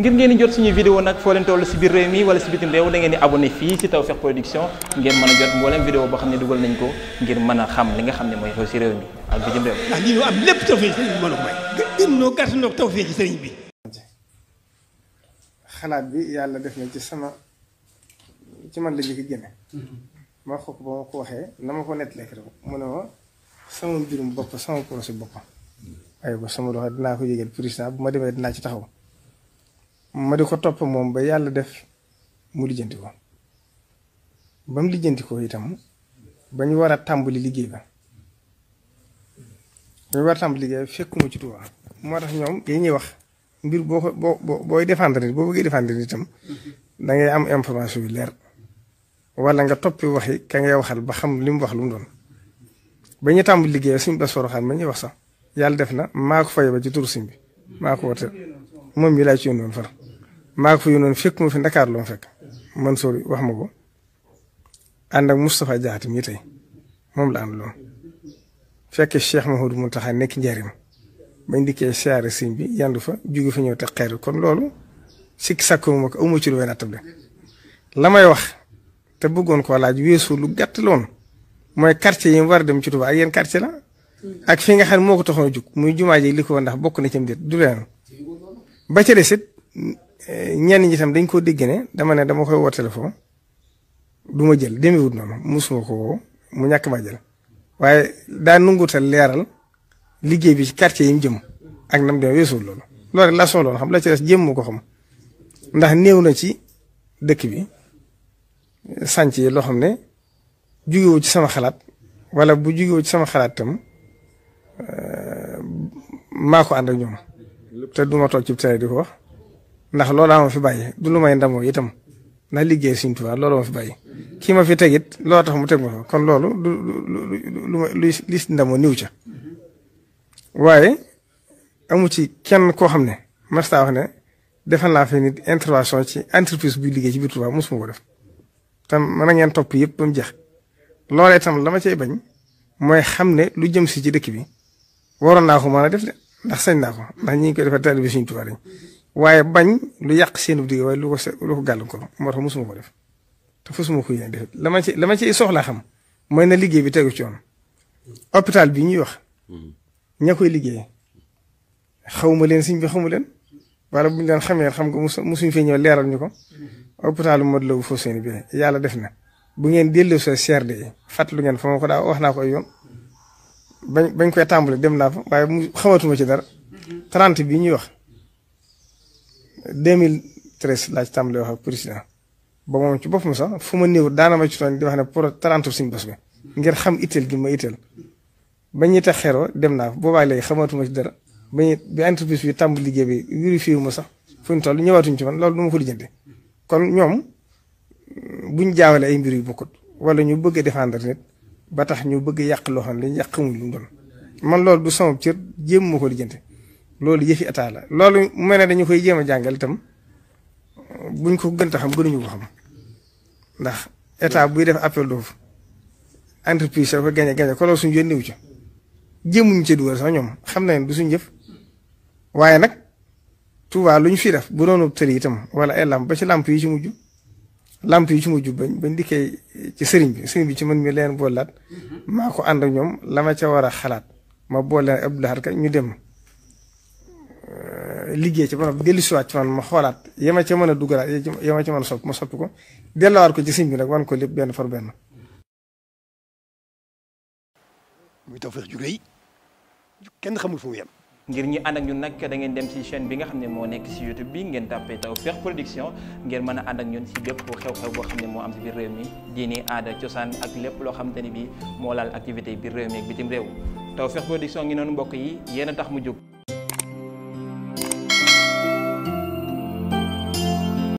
ngir ngeen jot suñu vidéo nag foo leen toll si biir réew mi wala si bitim réew da ngeen di abonné fii si Tawfekh Production ngeen mën a jot mboolem vidéo boo xam ne dugal nañ ko ngir mën a xam li nga xam ne mooy xew si réew mi ak bitim réew. ndax lii ñu am lépp tawfeex sëriñ bi xalaat bi yàlla def na ci sama ci man la ñu ko génne. Mm-hmm. ma xool ba ma ko waxee na ma ko nettalee rek mu ne ma sama mbirum bopp sama projet bopp. Mm-hmm. aywa sama loxo dinaa ko yëgal président bu ma demee dinaa ci taxaw. ma di ko topp moom ba yàlla def mu lijjanti ko ba mu lijjanti ko itam ba ñu war a tàmbali liggéey ba ba ñu war a tàmbali liggéey ba fekkuma ci Tuubaa moo tax ñoom yi ñuy wax mbir boo ko boo boo booy défendre nit boo bëggee défendre nit itam da ngay am information yu leer wala nga toppi waxi ka ngay waxal ba xam li mu wax lu mu doon ba ñu tàmbali liggéey suñ ba soro xam ma ñuy wax sax yàlla def na maa ko fay ba ci turu suñ bi maa ko wote maa ko fa yónnoon fekk ma fi Ndakaar la ma fekk Mansour wax ma ko ànd ak Moustapha Diakhaté mii tey moom la àndaloon fekk Cheikh Mahoud Mountakha nekk njariñ bañ dikkee siyaare sëñ bi yandu fa jóge fa ñëw te xeer kon loolu sikki sàkku ma ko amu ci lu may la may wax te bëggoon koo laaj weesu lu gàtt loon mooy quartier yi mu war a dem ci Touba ak yéen quartier la ak fi nga xam ne moo ko taxoon a jug muy jumaa ji li ko ndax bokk na ci mbir du leen ba ca des Eh, ñenn ñi tam dañ koo dégg ne dama ne dama koy woo téléphone duma jël demewut noonu mosuma ko woo mu ñàkk ma jël waaye daa nungutal leeral liggéey bi ci quartier yi mu jëm ak nam dem weesuwul loolu loolu la soxla woon xam la ci des ko xam néew na ci dëkk bi sànc yi ne jugewoo ci sama xalaat wala bu jugewoo ci sama xalaat tam eh, maa ko ànd ak ñoom te duma toog ci télé di ko ndax loolaa ma fi bàyyi du lu may ndamoo itam ndax liggéey Sëriñ Tuubaa loolu ma fi bàyyi kii ma fi tegit loo tax mu teg ma fa kon loolu du lu lu si ndamoo niw ca waaye amu ci kenn koo xam ne mas naa wax ne defal naa fi nit intervention ci entreprise buy liggéey ci biir Tuubaa mosuma ko def tam mën na ngeen topp yëpp ba mu jeex loolee itam la ma cay bañ mooy xam ne lu jëm si ci dëkk bi waroon naa ko mën a def de ndax sañ naa ko ndax ñi ngi koy defal taalibe Sëriñ Tuubaa lañ waaye bañ lu yàq seen digg waaye lu ko se lu ko gàllankoor moo ko def te fasuma ko yéen def la ma ci la ma ci xam mooy na liggéey bi tegu ci yoon. hôpital bi ñuy wax. ña koy liggéey xawma leen siñ bi xawma leen wala bu ñu leen xamee xam nga mosuñ fee ñëw leeral ñu ko. hôpital Modou Lo Fousseyni bi yàlla def na bu ngeen delloo sa CRD yi fàttali ngeen fa ma ko daa wax naa ko yoon bañ bañ koy tàmbali dem naa fa waaye xamatuma ci dara 30 mm-hmm. bi ñuy wax. 2013 laa ci la wax ak président ba moom ci boppam sax fu ma néew daana ma ci tooñ di wax ne pour tarantu suñ bos bi ngir xam itteel gi ma itteel ba ñuy tax xero dem naa boobaa léegi xamaatuma ci dara ba ñuy bi entreprise bi tàmbali liggéey bi vérifié wu ma sax fu ñu toll ñëwaatuñ ci man loolu du ma ko lijjanti kon ñoom buñ jaawale ay mbir yu bokkut wala ñu bëgg a défendre ba tax ñu bëgg yàq loo xam ne yàq xamul lu mu man loolu du sama cër jéem ma ko lijjanti loolu yëfi état la loolu mu ne dañu koy jéem a jàngal itam buñ ko gën a xam gënuñu ko xam ndax état buy def appel d'offre entreprise da ko gañe gañe ko loolu suñu yoon néew ci jéemuñu ci dugal sax ñoom xam nañ du suñu jëf waaye nag Touba lu ñu fi def bu doonu tëri itam wala ay làmp ba ci làmp yi ci mujj làmp yi ci mujj bañ bañ dikkee ci sëriñ bi sëriñ bi ci man mi leen boolaat maa ko ànd ak ñoom la ma ca war a xalaat ma boole Abdou Lahad Ka ñu dem. liggéey ci borom dellu si waat ci man ma xoolaat yema ca mën a dugalaat yema ca mën a soppi ma soppi ko delluwaat ko ci sëñ bi nag wan ko lépp benn for benn. muy kenn xamul fu yem. ngir ñi ànd ak ñun nag da ngeen ci chaîne bi nga xam ne moo nekk ci YouTube bi ngeen tàppee Tawfekh Production ngeen mën a ànd ak ñun ci bépp xew-xew boo xam ne moo am ci biir réew mi diini aada cosaan ak lépp loo xamante ni bi moo laal activité biir réew mi bitim réew Tawfekh Production ngi noonu mbokk yi yéen a tax mu jóg.